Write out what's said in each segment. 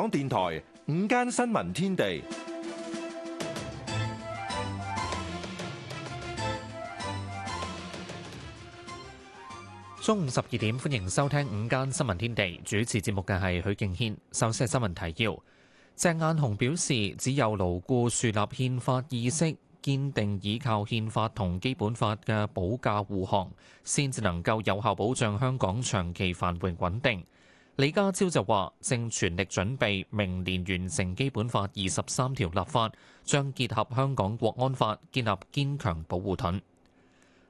香港電台午間新聞天地，中午十二點，歡迎收聽午間新聞天地。主持節目嘅係許敬軒，首先係新聞提要。鄭雁雄表示，只有牢固樹立憲法意識，堅定依靠憲法同基本法嘅保駕護航，先至能夠有效保障香港長期繁榮穩定。李家超就話，正全力準備明年完成基本法二十三條立法，將結合香港國安法，建立堅強保護盾。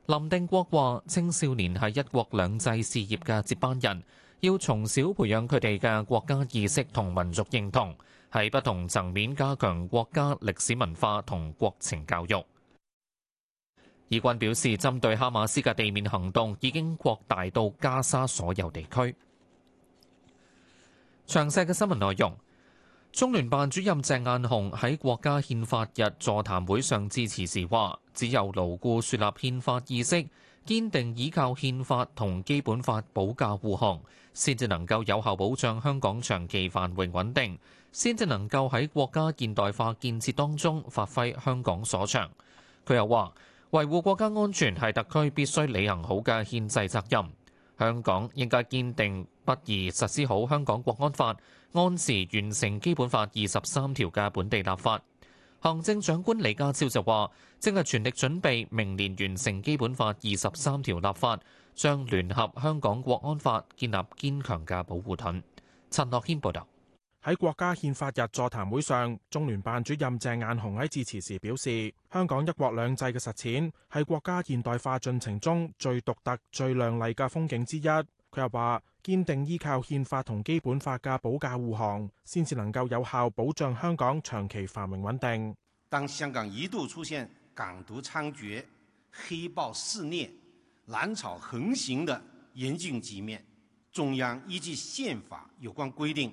林定國話，青少年係一國兩制事業嘅接班人，要從小培養佢哋嘅國家意識同民族認同，喺不同層面加強國家歷史文化同國情教育。以軍表示，針對哈馬斯嘅地面行動已經擴大到加沙所有地區。詳細嘅新聞內容，中聯辦主任鄭雁雄喺國家憲法日座談會上致辭時話，只有牢固樹立憲法意識，堅定依靠憲法同基本法保駕護航，先至能夠有效保障香港長期繁榮穩定，先至能夠喺國家現代化建設當中發揮香港所長。佢又話，維護國家安全係特區必須履行好嘅憲制責任。香港應該堅定不移實施好香港國安法，按時完成基本法二十三條嘅本地立法。行政長官李家超就話，正係全力準備明年完成基本法二十三條立法，將聯合香港國安法建立堅強嘅保護盾。陳樂軒報道。喺國家憲法日座談會上，中聯辦主任鄭雁雄喺致辭時表示，香港一國兩制嘅實踐係國家現代化進程中最獨特、最亮麗嘅風景之一。佢又話，堅定依靠憲法同基本法嘅保駕護航，先至能夠有效保障香港長期繁榮穩定。當香港一度出現港獨猖獗、黑暴肆虐、攬炒橫行嘅嚴峻局面，中央依據憲法有關規定。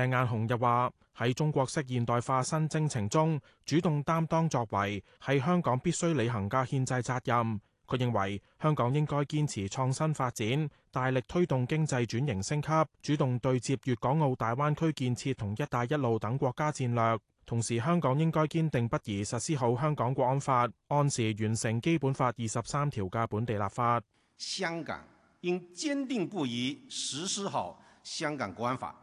鄭雁雄又話：喺中國式現代化新征程中，主動擔當作為係香港必須履行嘅憲制責任。佢認為香港應該堅持創新發展，大力推動經濟轉型升級，主動對接粵港澳大灣區建設同“一帶一路”等國家戰略。同時，香港應該堅定不移實施好香港國安法，按時完成基本法二十三條嘅本地立法。香港應堅定不移實施好香港國安法。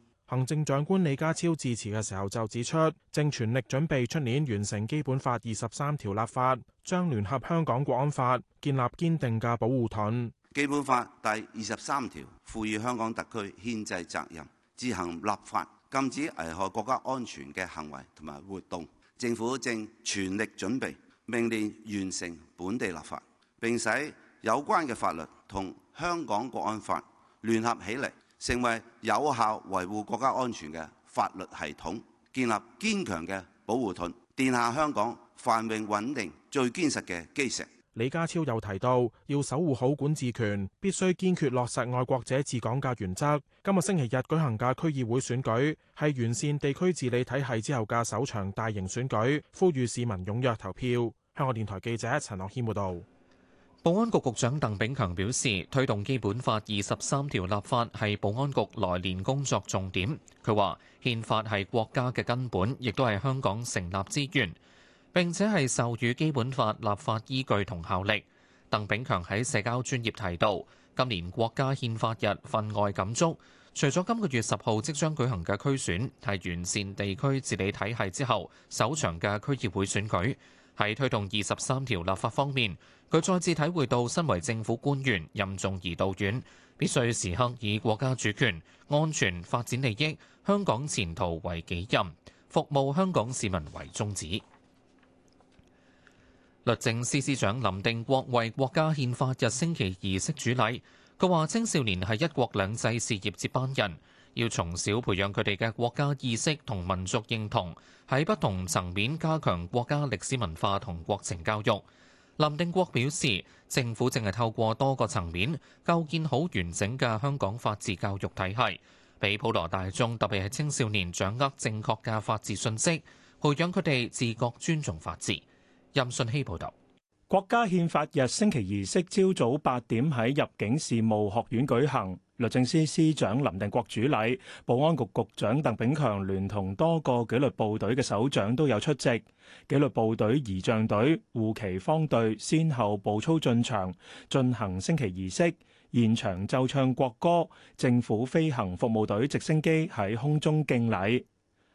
行政長官李家超致辭嘅時候就指出，正全力準備出年完成基本法二十三條立法，將聯合香港國安法，建立堅定嘅保護盾。基本法第二十三條賦予香港特區憲制責任，自行立法禁止危害國家安全嘅行為同埋活動。政府正全力準備，明年完成本地立法，並使有關嘅法律同香港國安法聯合起嚟。成為有效維護國家安全嘅法律系統，建立堅強嘅保護盾，奠下香港繁榮穩定最堅實嘅基石。李家超又提到，要守護好管治權，必須堅決落實愛國者治港嘅原則。今日星期日舉行嘅區議會選舉，係完善地區治理體系之後嘅首場大型選舉，呼籲市民踴躍投票。香港電台記者陳樂謙報道。保安局局長鄧炳強表示，推動《基本法》二十三條立法係保安局來年工作重點。佢話：憲法係國家嘅根本，亦都係香港成立之源，並且係授予《基本法》立法依據同效力。鄧炳強喺社交專頁提到，今年國家憲法日分外感觸。除咗今個月十號即將舉行嘅區選，係完善地區治理體系之後首場嘅區議會選舉。喺推動二十三條立法方面，佢再次體會到身為政府官員任重而道遠，必須時刻以國家主權、安全、發展利益、香港前途為己任，服務香港市民為宗旨。律政司司長林定國為國家憲法日升旗儀式主禮，佢話：青少年係一國兩制事業接班人。要從小培養佢哋嘅國家意識同民族認同，喺不同層面加強國家歷史文化同國情教育。林定國表示，政府正係透過多個層面構建好完整嘅香港法治教育體系，俾普羅大眾，特別係青少年掌握正確嘅法治信息，培養佢哋自覺尊重法治。任信希報導，國家憲法日升旗儀式朝早八點喺入境事務學院舉行。律政司司長林定國主禮，保安局局長鄧炳強聯同多個紀律部隊嘅首長都有出席，紀律部隊儀仗隊、護旗方隊先後步操進場，進行升旗儀式，現場奏唱國歌，政府飛行服務隊直升機喺空中敬禮。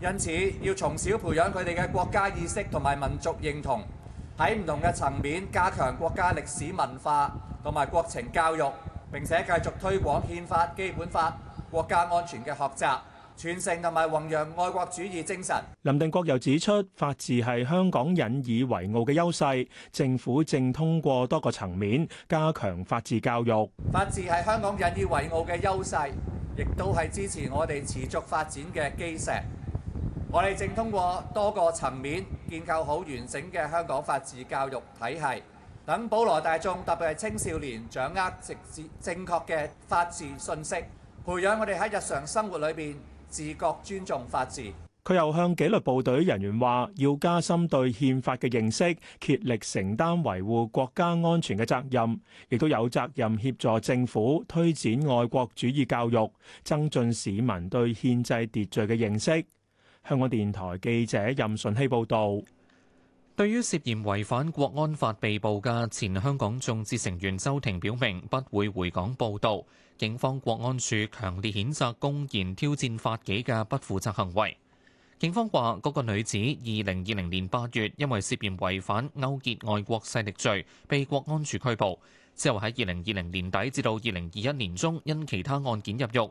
因此要從小培養佢哋嘅國家意識同埋民族認同，喺唔同嘅層面加強國家歷史文化同埋國情教育，並且繼續推廣憲法基本法、國家安全嘅學習，傳承同埋弘揚愛國主義精神。林定國又指出，法治係香港引以為傲嘅優勢，政府正通過多個層面加強法治教育。法治係香港引以為傲嘅優勢，亦都係支持我哋持續發展嘅基石。我哋正通過多個層面建構好完整嘅香港法治教育體系，等普羅大眾，特別係青少年，掌握直接正確嘅法治信息，培養我哋喺日常生活裏面，自覺尊重法治。佢又向紀律部隊人員話：要加深對憲法嘅認識，竭力承擔維護國家安全嘅責任，亦都有責任協助政府推展愛國主義教育，增進市民對憲制秩序嘅認識。香港電台記者任順希報道，對於涉嫌違反國安法被捕嘅前香港眾志成員周庭，表明不會回港報道。警方國安處強烈譴責公然挑戰法紀嘅不負責行為。警方話，嗰個女子二零二零年八月因為涉嫌違反勾結外國勢力罪被國安處拘捕，之後喺二零二零年底至到二零二一年中因其他案件入獄。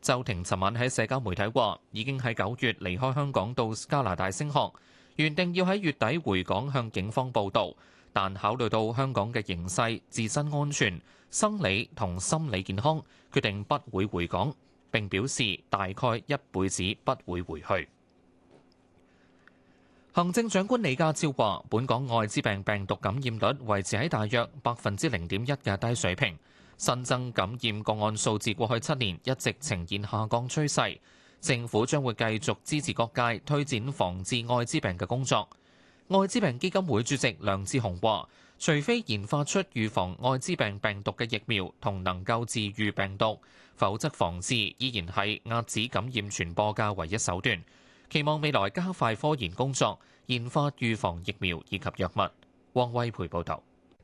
周庭尋晚喺社交媒體話，已經喺九月離開香港到加拿大升學，原定要喺月底回港向警方報到，但考慮到香港嘅形勢、自身安全、生理同心理健康，決定不會回港。並表示大概一輩子不會回去。行政長官李家超話，本港愛滋病病毒感染率維持喺大約百分之零點一嘅低水平。新增感染個案數字過去七年一直呈現下降趨勢，政府將會繼續支持各界推展防治艾滋病嘅工作。艾滋病基金會主席梁志雄話，除非研發出預防艾滋病病毒嘅疫苗同能夠治愈病毒，否則防治依然係遏止感染傳播嘅唯一手段。期望未來加快科研工作，研發預防疫苗以及藥物。汪威培報道。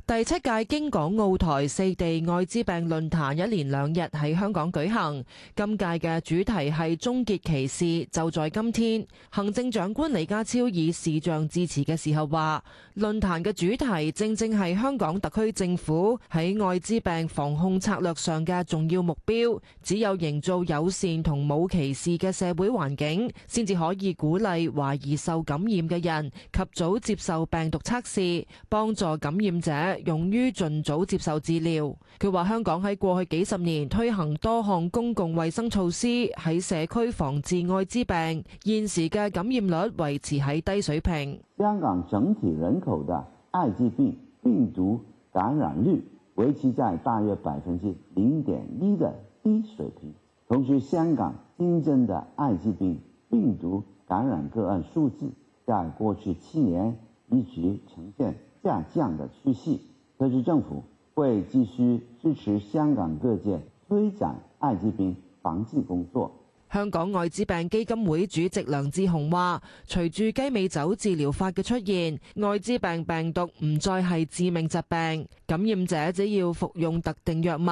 第七屆京港澳台四地艾滋病論壇一連兩日喺香港舉行，今屆嘅主題係終結歧視。就在今天，行政長官李家超以視像致辭嘅時候話，論壇嘅主題正正係香港特區政府喺艾滋病防控策略上嘅重要目標。只有營造友善同冇歧視嘅社會環境，先至可以鼓勵懷疑受感染嘅人及早接受病毒測試，幫助感染者。勇於盡早接受治療。佢話香港喺過去幾十年推行多項公共衛生措施，喺社區防治艾滋病現時嘅感染率維持喺低水平。香港整體人口的艾滋病病毒感染率維持在大約百分之零點一的低水平。同時，香港新增的艾滋病病毒感染個案數字，在過去七年一直呈現。下降的趨勢，特區政府會繼續支持香港各界推展艾滋病防治工作。香港艾滋病基金會主席梁志雄話，隨住雞尾酒治療法嘅出現，艾滋病病毒唔再係致命疾病，感染者只要服用特定藥物，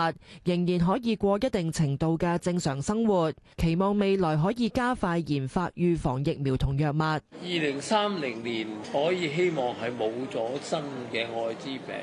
仍然可以過一定程度嘅正常生活。期望未來可以加快研發預防疫苗同藥物。二零三零年可以希望係冇咗新嘅艾滋病，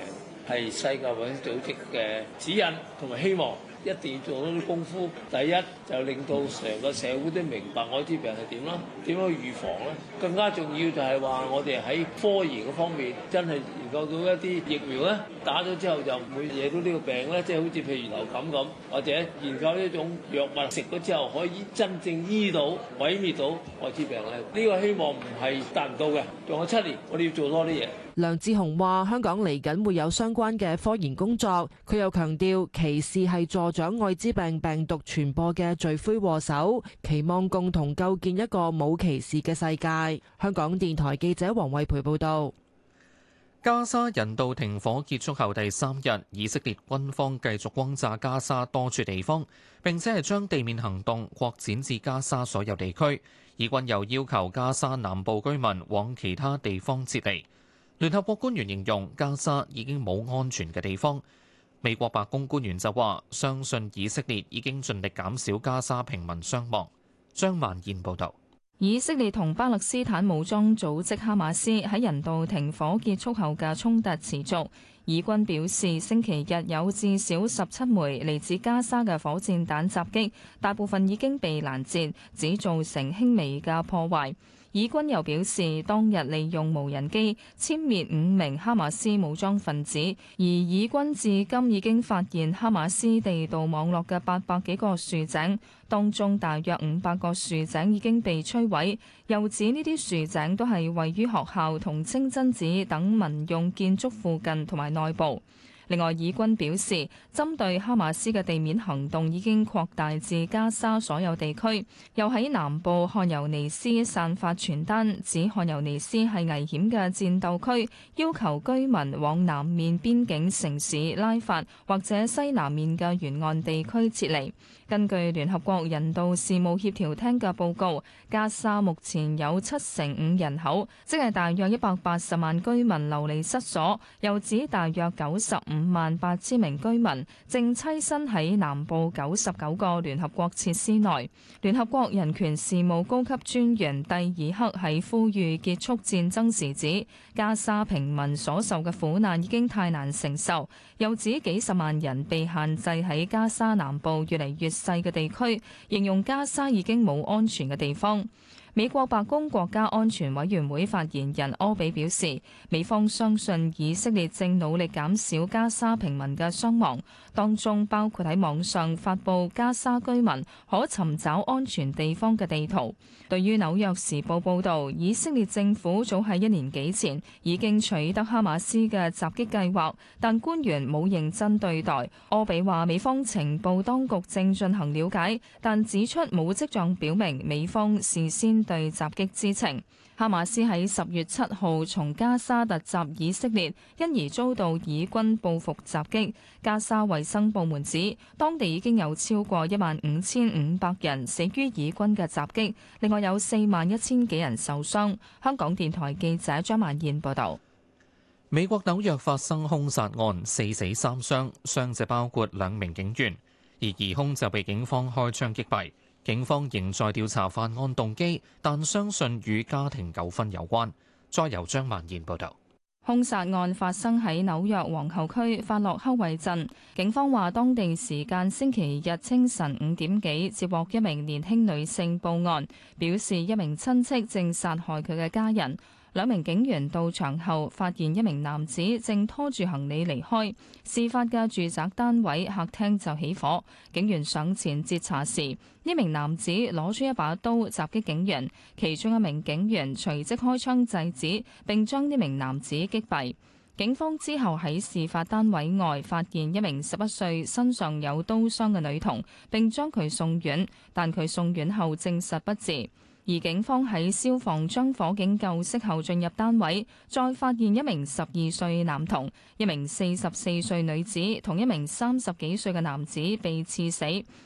係世界衛生組織嘅指引同埋希望。一定要做多啲功夫。第一就令到成個社會都明白艾滋病係點啦，點樣去預防咧？更加重要就係話我哋喺科研嘅方面，真係研究到一啲疫苗咧，打咗之後就唔會惹到呢個病咧。即係好似譬如流感咁，或者研究一種藥物，食咗之後可以真正醫到、毀滅到艾滋病咧。呢個希望唔係達唔到嘅，仲有七年，我哋要做多啲嘢。梁志雄話：香港嚟緊會有相關嘅科研工作。佢又強調歧視係助長艾滋病病毒傳播嘅罪魁禍首，期望共同構建一個冇歧視嘅世界。香港電台記者黃惠培報道，加沙人道停火結束後第三日，以色列軍方繼續轟炸加沙多處地方，並且係將地面行動擴展至加沙所有地區。以軍又要求加沙南部居民往其他地方撤離。聯合國官員形容加沙已經冇安全嘅地方，美國白宮官員就話相信以色列已經盡力減少加沙平民傷亡。張萬燕報導，以色列同巴勒斯坦武裝組織哈馬斯喺人道停火結束後嘅衝突持續。以軍表示星期日有至少十七枚嚟自加沙嘅火箭彈襲擊，大部分已經被攔截，只造成輕微嘅破壞。以軍又表示，當日利用無人機殲滅五名哈馬斯武裝分子，而以軍至今已經發現哈馬斯地道網絡嘅八百幾個豎井，當中大約五百個豎井已經被摧毀。又指呢啲豎井都係位於學校同清真寺等民用建築附近同埋內部。另外，以軍表示，針對哈馬斯嘅地面行動已經擴大至加沙所有地區，又喺南部漢尤尼斯散發傳單，指漢尤尼斯係危險嘅戰鬥區，要求居民往南面邊境城市拉法或者西南面嘅沿岸地區撤離。根據聯合國人道事務協調廳嘅報告，加沙目前有七成五人口，即係大約一百八十萬居民流離失所，又指大約九十五萬八千名居民正棲身喺南部九十九個聯合國設施內。聯合國人權事務高級專員蒂爾克喺呼籲結束戰爭時指：加沙平民所受嘅苦難已經太難承受，又指幾十萬人被限制喺加沙南部越嚟越細嘅地區，形容加沙已經冇安全嘅地方。美國白宮國家安全委員會發言人柯比表示，美方相信以色列正努力減少加沙平民嘅傷亡，當中包括喺網上發布加沙居民可尋找安全地方嘅地圖。對於紐約時報報導，以色列政府早喺一年幾前已經取得哈馬斯嘅襲擊計劃，但官員冇認真對待。柯比話，美方情報當局正進行了解，但指出冇跡象表明美方事先，對襲擊之情，哈馬斯喺十月七號從加沙突襲以色列，因而遭到以軍報復襲擊。加沙衛生部門指，當地已經有超過一萬五千五百人死於以軍嘅襲擊，另外有四萬一千幾人受傷。香港電台記者張曼燕報道。美國紐約發生凶殺案，四死三傷，傷者包括兩名警員，而疑兇就被警方開槍擊斃。警方仍在調查犯案動機，但相信與家庭糾紛有關。再由張曼燕報導。兇殺案發生喺紐約皇后區法洛克維鎮，警方話當地時間星期日清晨五點幾接獲一名年輕女性報案，表示一名親戚正殺害佢嘅家人。兩名警員到場後，發現一名男子正拖住行李離開。事發嘅住宅單位客廳就起火，警員上前截查時，呢名男子攞出一把刀襲擊警員，其中一名警員隨即開槍制止，並將呢名男子擊斃。警方之後喺事發單位外發現一名十一歲身上有刀傷嘅女童，並將佢送院，但佢送院後證實不治。而警方喺消防將火警救熄後進入單位，再發現一名十二歲男童、一名四十四歲女子同一名三十幾歲嘅男子被刺死，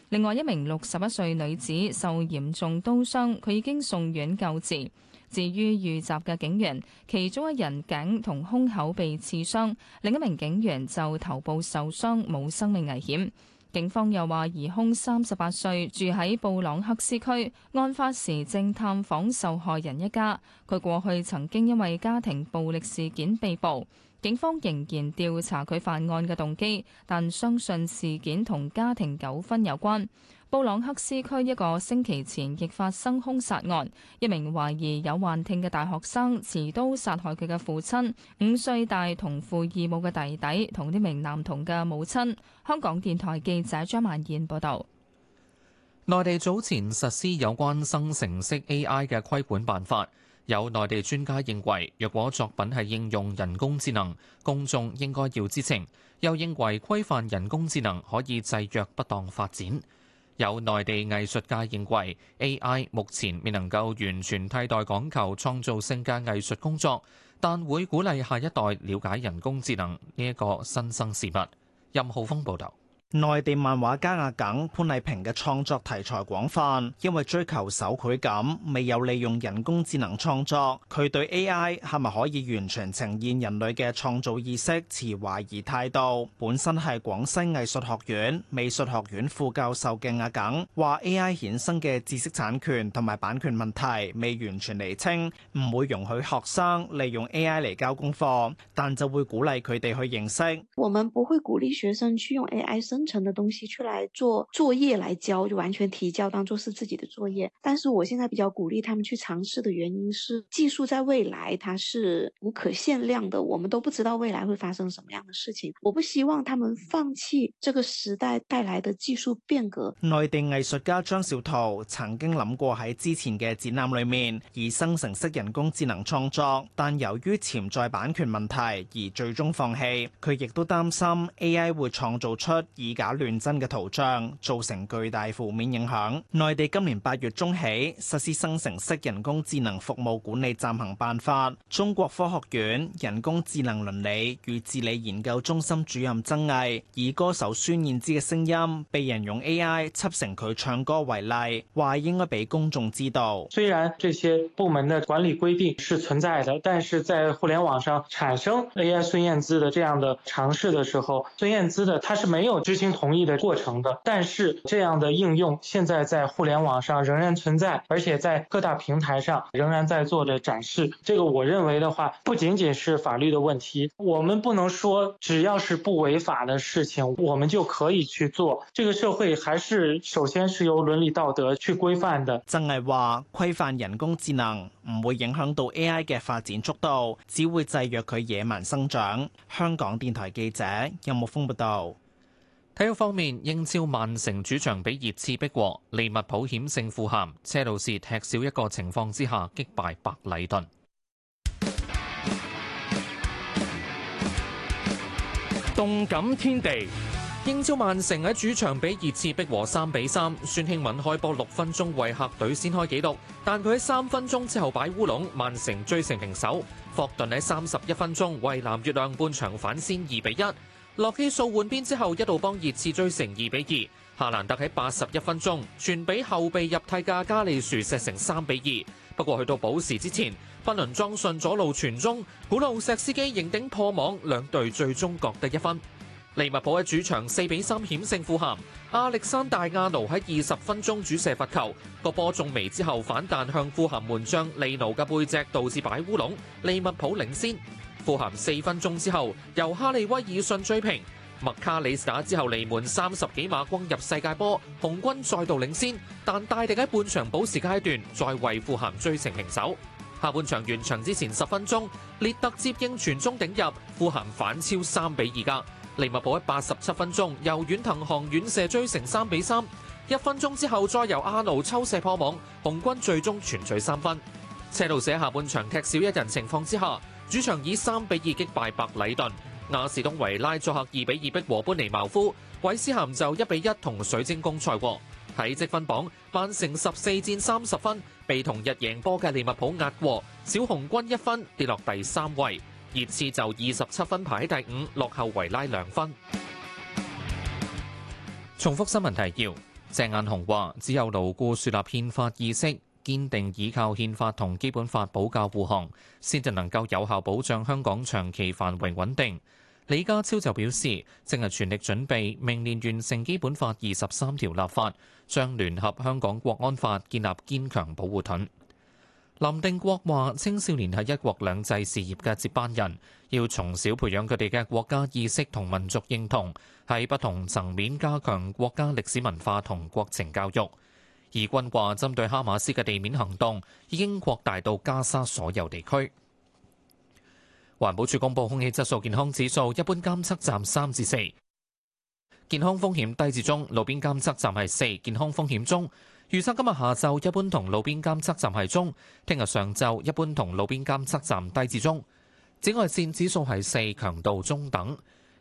另外一名六十一歲女子受嚴重刀傷，佢已經送院救治。至於遇襲嘅警員，其中一人頸同胸口被刺傷，另一名警員就頭部受傷，冇生命危險。警方又話，疑兇三十八歲，住喺布朗克斯區，案發時正探訪受害人一家。佢過去曾經因為家庭暴力事件被捕。警方仍然調查佢犯案嘅動機，但相信事件同家庭糾紛有關。布朗克斯區一個星期前亦發生兇殺案，一名懷疑有幻聽嘅大學生持刀殺害佢嘅父親、五歲大同父異母嘅弟弟同呢名男童嘅母親。香港電台記者張曼燕報導。內地早前實施有關生成式 AI 嘅規管辦法。有內地專家認為，若果作品係應用人工智能，公眾應該要知情。又認為規範人工智能可以制約不當發展。有內地藝術界認為，AI 目前未能夠完全替代講求創造性嘅藝術工作，但會鼓勵下一代了解人工智能呢一個新生事物。任浩峰報導。內地漫畫家阿耿潘麗萍嘅創作題材廣泛，因為追求手繪感，未有利用人工智能創作。佢對 A.I. 係咪可以完全呈現人類嘅創造意識持懷疑態度。本身係廣西藝術學院美術學院副教授嘅阿耿話，A.I. 衍生嘅知識產權同埋版權問題未完全厘清，唔會容許學生利用 A.I. 嚟交功課，但就會鼓勵佢哋去認識。我們不會鼓勵學生去用 A.I. 生成的東西去來做作業來交，就完全提交當做是自己的作業。但是我現在比較鼓勵他們去嘗試的原因是，技術在未來它是無可限量的，我們都不知道未來會發生什麼樣的事情。我不希望他們放棄這個時代帶來的技術變革。內地藝術家張小桃曾經諗過喺之前嘅展覽裏面以生成式人工智能創作，但由於潛在版權問題而最終放棄。佢亦都擔心 AI 會創造出。以假亂真嘅圖像造成巨大負面影響。內地今年八月中起實施生成式人工智能服務管理暫行辦法。中國科學院人工智能倫理與治理研究中心主任曾毅以歌手孫燕姿嘅聲音被人用 AI 輯成佢唱歌為例，話應該俾公眾知道。雖然這些部門的管理規定是存在的，但是在互聯網上產生 AI 孫燕姿的這樣的嘗試的時候，孫燕姿的他是沒有。知情同意的過程的，但是這樣的應用現在在互聯網上仍然存在，而且在各大平台上仍然在做的展示。這個我認為的話，不僅僅是法律的問題，我們不能說只要是不違法的事情，我們就可以去做。這個社會還是首先是由倫理道德去規範的。曾毅話，規範人工智能唔會影響到 AI 嘅發展速度，只會制約佢野蠻生長。香港電台記者任木峰報道。體育方面，英超曼城主場比熱刺逼和，利物浦險勝富咸，車路士踢少一個情況之下擊敗白禮頓。動感天地，英超曼城喺主場比熱刺逼和三比三，孫興敏開波六分鐘為客隊先開紀錄，但佢喺三分鐘之後擺烏龍，曼城追成平手。霍頓喺三十一分鐘為藍月亮半場反先二比一。洛基數換邊之後，一度幫熱刺追成二比二。夏蘭特喺八十一分鐘傳俾後備入替嘅加利樹石成三比二。不過去到補時之前，芬倫莊順左路傳中，古路石斯基迎頂破網，兩隊最終各得一分。利物浦喺主場四比三險勝富咸。亞歷山大亞奴喺二十分鐘主射罰球，個波中楣之後反彈向富咸門將利奴嘅背脊，導致擺烏龍，利物浦領先。富咸四分鐘之後，由哈利威爾遜追平，麥卡里斯打之後，離門三十幾碼轟入世界波，紅軍再度領先。但大敵喺半場補時階段，再為富咸追成平手。下半場完場之前十分鐘，列特接應傳中頂入，富咸反超三比二格。利物浦喺八十七分鐘由遠藤航遠射追成三比三。一分鐘之後，再由阿奴抽射破網，紅軍最終全取三分。車路士下半場踢少一人情況之下，主場以三比二擊敗白禮頓，亞士東維拉作客二比二逼和班尼茅夫，韋斯咸就一比一同水晶宮賽和。喺積分榜，曼城十四戰三十分，被同日贏波嘅利物浦壓過，小紅軍一分跌落第三位，熱刺就二十七分排喺第五，落後維拉兩分。重複新聞提要。鄭雁雄話，只有牢固樹立憲法意識。堅定倚靠憲法同基本法保駕護航，先至能夠有效保障香港長期繁榮穩定。李家超就表示，正係全力準備明年完成基本法二十三條立法，將聯合香港國安法建立堅強保護盾。林定國話青少年係一國兩制事業嘅接班人，要從小培養佢哋嘅國家意識同民族認同，喺不同層面加強國家歷史文化同國情教育。以軍話：針對哈馬斯嘅地面行動已經擴大到加沙所有地區。環保署公布空氣質素健康指數，一般監測站三至四，健康風險低至中；路邊監測站係四，健康風險中。預測今日下晝一般同路邊監測站係中，聽日上晝一般同路邊監測站低至中。紫外線指數係四，強度中等。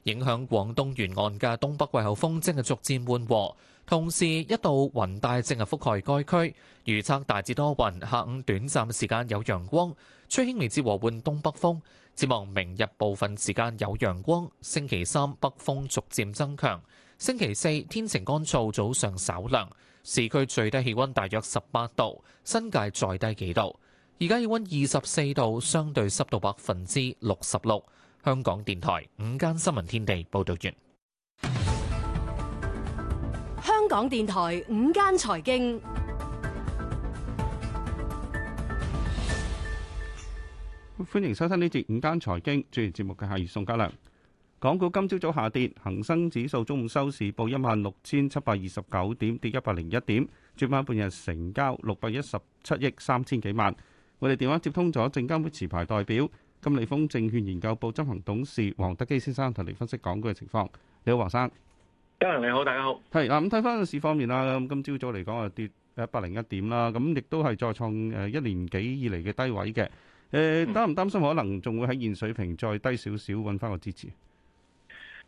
影響廣東沿岸嘅東北季候風正係逐漸緩和。同時，一度雲帶正係覆蓋該區，預測大致多雲，下午短暫時間有陽光，吹輕微至和緩東北風。展望明日部分時間有陽光，星期三北風逐漸增強，星期四天晴乾燥，早上稍涼，市區最低氣温大約十八度，新界再低幾度。而家氣温二十四度，相對濕度百分之六十六。香港電台午間新聞天地報導完。港電台五間財經，歡迎收聽呢節五間財經。主持節目嘅係宋嘉良。港股今朝早下跌，恒生指數中午收市報一萬六千七百二十九點，跌一百零一點。主板半日成交六百一十七億三千幾萬。我哋電話接通咗證監會持牌代表金利豐證券研究部執行董事黃德基先生，同你分析港股嘅情況。你好華，黃生。嘉良你好，大家好。係嗱，咁睇翻個市方面啦，咁今朝早嚟講啊跌一百零一點啦，咁亦都係再創誒一年幾以嚟嘅低位嘅。誒、呃，擔唔擔心可能仲會喺現水平再低少少，穩翻個支持？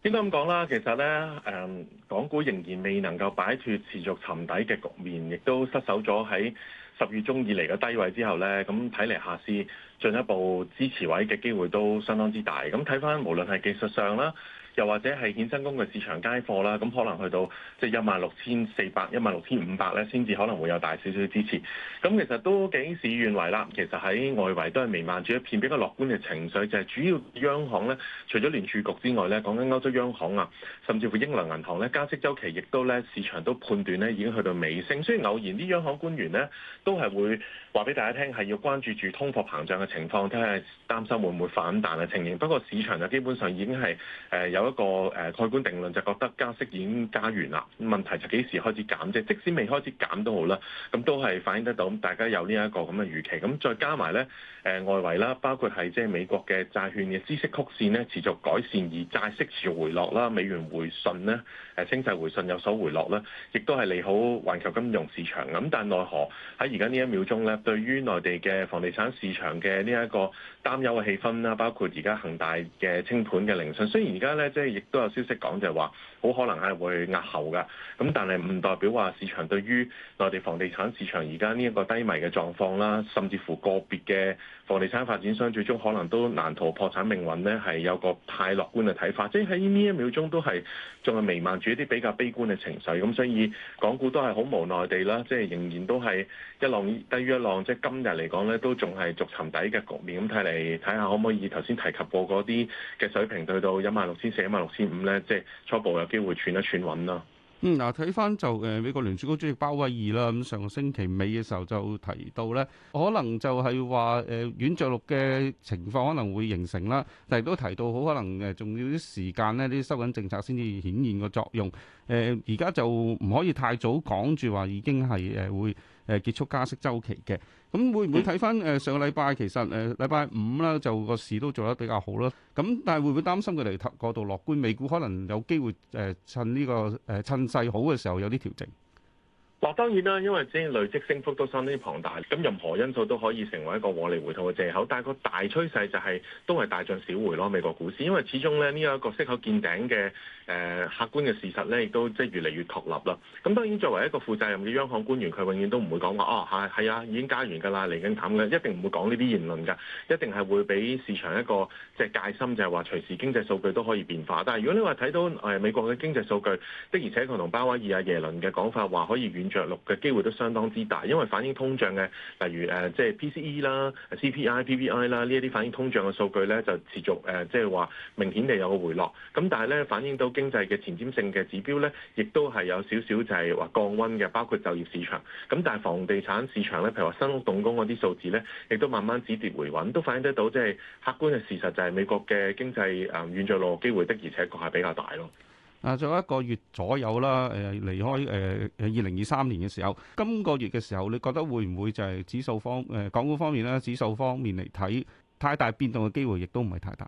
應該咁講啦，其實咧誒，港股仍然未能夠擺脱持續沉底嘅局面，亦都失守咗喺十月中以嚟嘅低位之後咧，咁睇嚟下市進一步支持位嘅機會都相當之大。咁睇翻，無論係技術上啦。又或者係衍生工具市場街貨啦，咁可能去到即係一萬六千四百、一萬六千五百咧，先至可能會有大少少支持。咁其實都幾事與願違啦。其實喺外圍都係瀰漫住一片比較樂觀嘅情緒，就係、是、主要央行咧，除咗聯儲局之外咧，講緊歐洲央行啊，甚至乎英倫銀行咧，加息周期亦都咧，市場都判斷咧已經去到尾聲。雖然偶然啲央行官員咧都係會話俾大家聽，係要關注住通貨膨脹嘅情況，睇下擔心會唔會反彈嘅情形。不過市場就基本上已經係誒有。呃一個誒概觀定論就覺得加息已經加完啦，問題就幾時開始減啫？即使未開始減好都好啦，咁都係反映得到，大家有呢一個咁嘅預期。咁再加埋咧誒外圍啦，包括係即係美國嘅債券嘅孳息曲線呢持續改善，而債息持續回落啦，美元回順呢，誒經濟回順有所回落啦，亦都係利好環球金融市場。咁但奈何喺而家呢一秒鐘咧，對於內地嘅房地產市場嘅呢一個擔憂嘅氣氛啦，包括而家恒大嘅清盤嘅聆訊，雖然而家咧。即係亦都有消息講，就係話。好可能係會壓後㗎，咁但係唔代表話市場對於內地房地產市場而家呢一個低迷嘅狀況啦，甚至乎個別嘅房地產發展商最終可能都難逃破產命運呢。係有個太樂觀嘅睇法，即係喺呢一秒鐘都係仲係瀰漫住一啲比較悲觀嘅情緒，咁所以港股都係好無奈地啦，即係仍然都係一浪低於一浪，即係今日嚟講呢，都仲係逐沉底嘅局面，咁睇嚟睇下可唔可以頭先提及過嗰啲嘅水平對到一萬六千四、一萬六千五呢？即係初步有。先會串一串穩啦，嗯，嗱，睇翻就誒美國聯儲局主席鮑威爾啦。咁上個星期尾嘅時候就提到咧，可能就係話誒軟着陸嘅情況可能會形成啦。但係都提到好可能誒，仲要啲時間咧，啲收緊政策先至顯現個作用。誒、呃，而家就唔可以太早講住話已經係誒會。誒結束加息周期嘅，咁會唔會睇翻誒上個禮拜、嗯、其實誒、呃、禮拜五啦，就個市都做得比較好啦。咁但係會唔會擔心佢哋過度樂觀，美股可能有機會誒、呃、趁呢、這個誒、呃、趁勢好嘅時候有啲調整？嗱當然啦，因為即係累積升幅都相當之龐大，咁任何因素都可以成為一個獲利回吐嘅藉口。但係個大趨勢就係、是、都係大漲小回咯，美國股市，因為始終咧呢這一個息口見頂嘅誒、呃、客觀嘅事實咧，亦都即係越嚟越確立啦。咁當然作為一個負責任嘅央行官員，佢永遠都唔會講話哦，係係啊，已經加完㗎啦，嚟緊淡嘅，一定唔會講呢啲言論㗎，一定係會俾市場一個即係戒心，就係、是、話隨時經濟數據都可以變化。但係如果你話睇到誒美國嘅經濟數據的而且確同鮑威爾啊、耶倫嘅講法話可以遠着陸嘅機會都相當之大，因為反映通脹嘅，例如誒，即係 PCE 啦、CPI、PPI 啦，呢一啲反映通脹嘅數據咧，就持續誒，即係話明顯地有個回落。咁但係咧，反映到經濟嘅前瞻性嘅指標咧，亦都係有少少就係話降溫嘅，包括就業市場。咁但係房地產市場咧，譬如話新屋動工嗰啲數字咧，亦都慢慢止跌回穩，都反映得到即係客觀嘅事實就係美國嘅經濟誒軟著陸機會的而且確係比較大咯。啊，仲有一個月左右啦，誒離開誒二零二三年嘅時候，今個月嘅時候，你覺得會唔會就係指數方誒港股方面啦，指數方面嚟睇，太大變動嘅機會亦都唔係太大。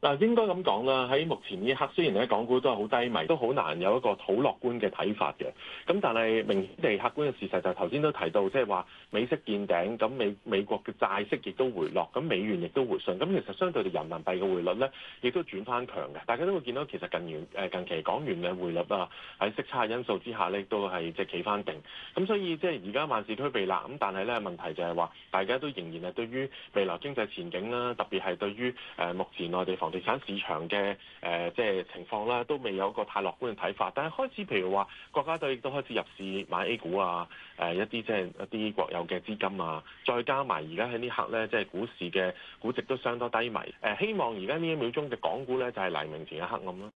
嗱，應該咁講啦。喺目前呢一刻，雖然咧港股都係好低迷，都好難有一個好樂觀嘅睇法嘅。咁但係明顯地，客觀嘅事實就頭先都提到，即係話美息見頂，咁美美國嘅債息亦都回落，咁美元亦都回順。咁其實相對地，人民幣嘅匯率咧，亦都轉翻強嘅。大家都會見到，其實近誒近期港元嘅匯率啊，喺息差因素之下咧，都係即係企翻定。咁所以即係而家萬事俱避萬事俱備啦。咁但係咧問題就係話，大家都仍然係對於未來經濟前景啦，特別係對於目前內地房房地產市場嘅，誒、呃，即係情況咧，都未有個太樂觀嘅睇法。但係開始，譬如話國家隊亦都開始入市買 A 股啊，誒、呃，一啲即係一啲國有嘅資金啊，再加埋而家喺呢刻咧，即係股市嘅估值都相當低迷。誒、呃，希望而家呢一秒鐘嘅港股咧，就係、是、黎明前嘅黑暗咯。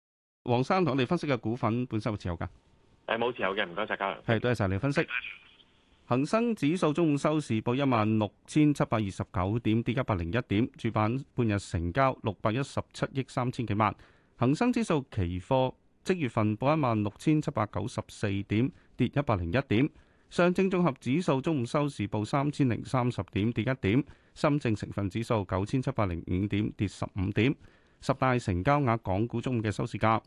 黃生，同我哋分析嘅股份本身會持有噶？誒、呃，冇持有嘅，唔該晒。家良。係，多謝晒你嘅分析。恒生指數中午收市報一萬六千七百二十九點，跌一百零一點。主板半日成交六百一十七億三千幾萬。恒生指數期貨即月份報一萬六千七百九十四點，跌一百零一點。上證綜合指數中午收市報三千零三十點，跌一點。深證成分指數九千七百零五點，跌十五點。十大成交額：港股中午嘅收市價。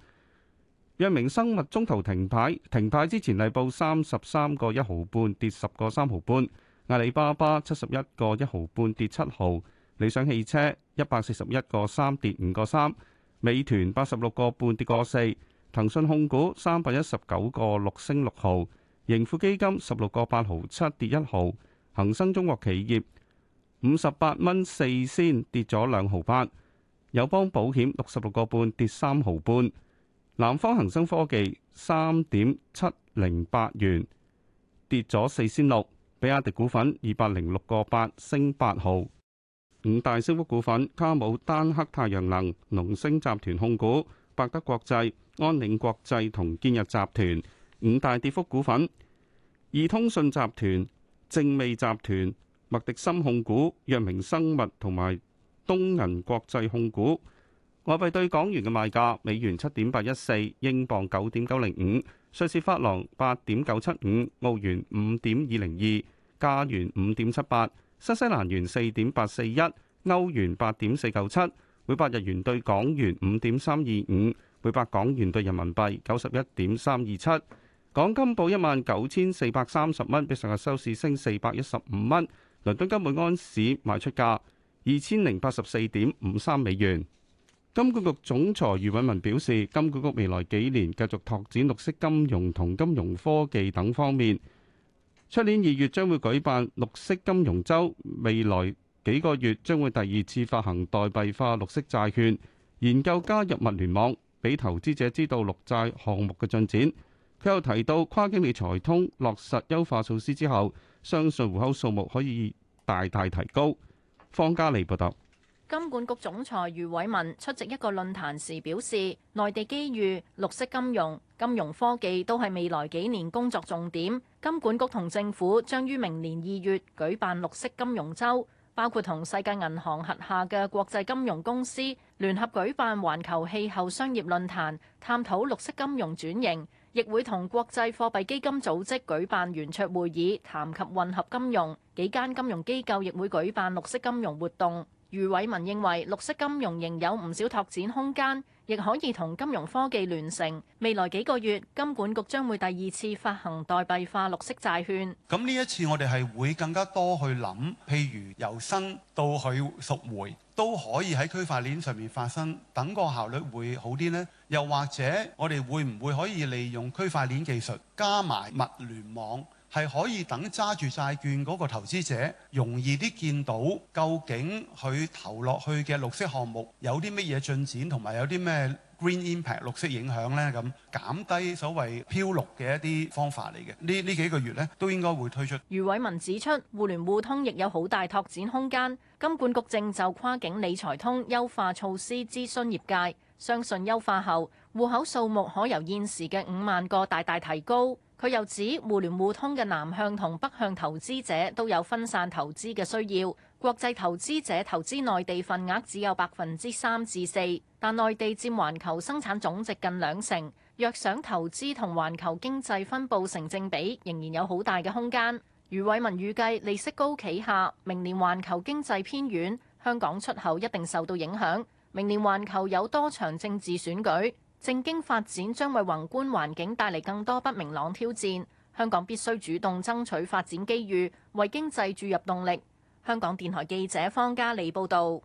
藥明生物中途停牌，停牌之前係報三十三個一毫半，跌十個三毫半；阿里巴巴七十一個一毫半，跌七毫；理想汽車一百四十一個三，跌五個三；美團八十六個半，跌個四；騰訊控股三百一十九個六升六毫；盈富基金十六個八毫七，跌一毫；恒生中國企業五十八蚊四仙，跌咗兩毫八；友邦保險六十六個半，跌三毫半。南方恒生科技三點七零八元，跌咗四仙六。比亞迪股份二百零六個八升八毫。五大升幅股份：卡姆丹克太陽能、龍星集團控股、百德國際、安領國際同建日集團。五大跌幅股份：易通訊集團、正味集團、麥迪森控股、藥明生物同埋東銀國際控股。外幣對港元嘅賣價：美元七點八一四，英鎊九點九零五，瑞士法郎八點九七五，澳元五點二零二，加元五點七八，新西蘭元四點八四一，歐元八點四九七。每百日元對港元五點三二五，每百港元對人民幣九十一點三二七。港金報一萬九千四百三十蚊，比上日收市升四百一十五蚊。倫敦金每安士賣出價二千零八十四點五三美元。金管局總裁余偉文表示，金管局未來幾年繼續拓展綠色金融同金融科技等方面。出年二月將會舉辦綠色金融周，未來幾個月將會第二次發行代幣化綠色債券，研究加入物聯網，俾投資者知道綠債項目嘅進展。佢又提到，跨境理財通落實優化措施之後，相信戶口數目可以大大提高。方嘉莉報道。金管局總裁余偉文出席一個論壇時表示，內地機遇、綠色金融、金融科技都係未來幾年工作重點。金管局同政府將於明年二月舉辦綠色金融周，包括同世界銀行轄下嘅國際金融公司聯合舉辦環球氣候商業論壇，探討綠色金融轉型，亦會同國際貨幣基金組織舉辦圓桌會議，談及混合金融。幾間金融機構亦會舉辦綠色金融活動。余偉文認為綠色金融仍有唔少拓展空間，亦可以同金融科技聯乘。未來幾個月，金管局將會第二次發行代幣化綠色債券。咁呢一次我哋係會更加多去諗，譬如由生到去贖回都可以喺區塊鏈上面發生，等個效率會好啲呢？又或者我哋會唔會可以利用區塊鏈技術加埋物聯網？係可以等揸住債券嗰個投資者容易啲見到，究竟佢投落去嘅綠色項目有啲乜嘢進展，同埋有啲咩 green impact 綠色影響呢？咁減低所謂漂綠嘅一啲方法嚟嘅。呢呢幾個月呢，都應該會推出。余偉文指出，互聯互通亦有好大拓展空間。金管局正就跨境理財通優化措施諮詢業界，相信優化後戶口數目可由現時嘅五萬個大大提高。佢又指互聯互通嘅南向同北向投資者都有分散投資嘅需要，國際投資者投資內地份額只有百分之三至四，但內地佔環球生產總值近兩成。若想投資同環球經濟分布成正比，仍然有好大嘅空間。余偉文預計利息高企下，明年環球經濟偏軟，香港出口一定受到影響。明年環球有多場政治選舉。政經發展將為宏觀環境帶嚟更多不明朗挑戰，香港必須主動爭取發展機遇，為經濟注入動力。香港電台記者方嘉利報導。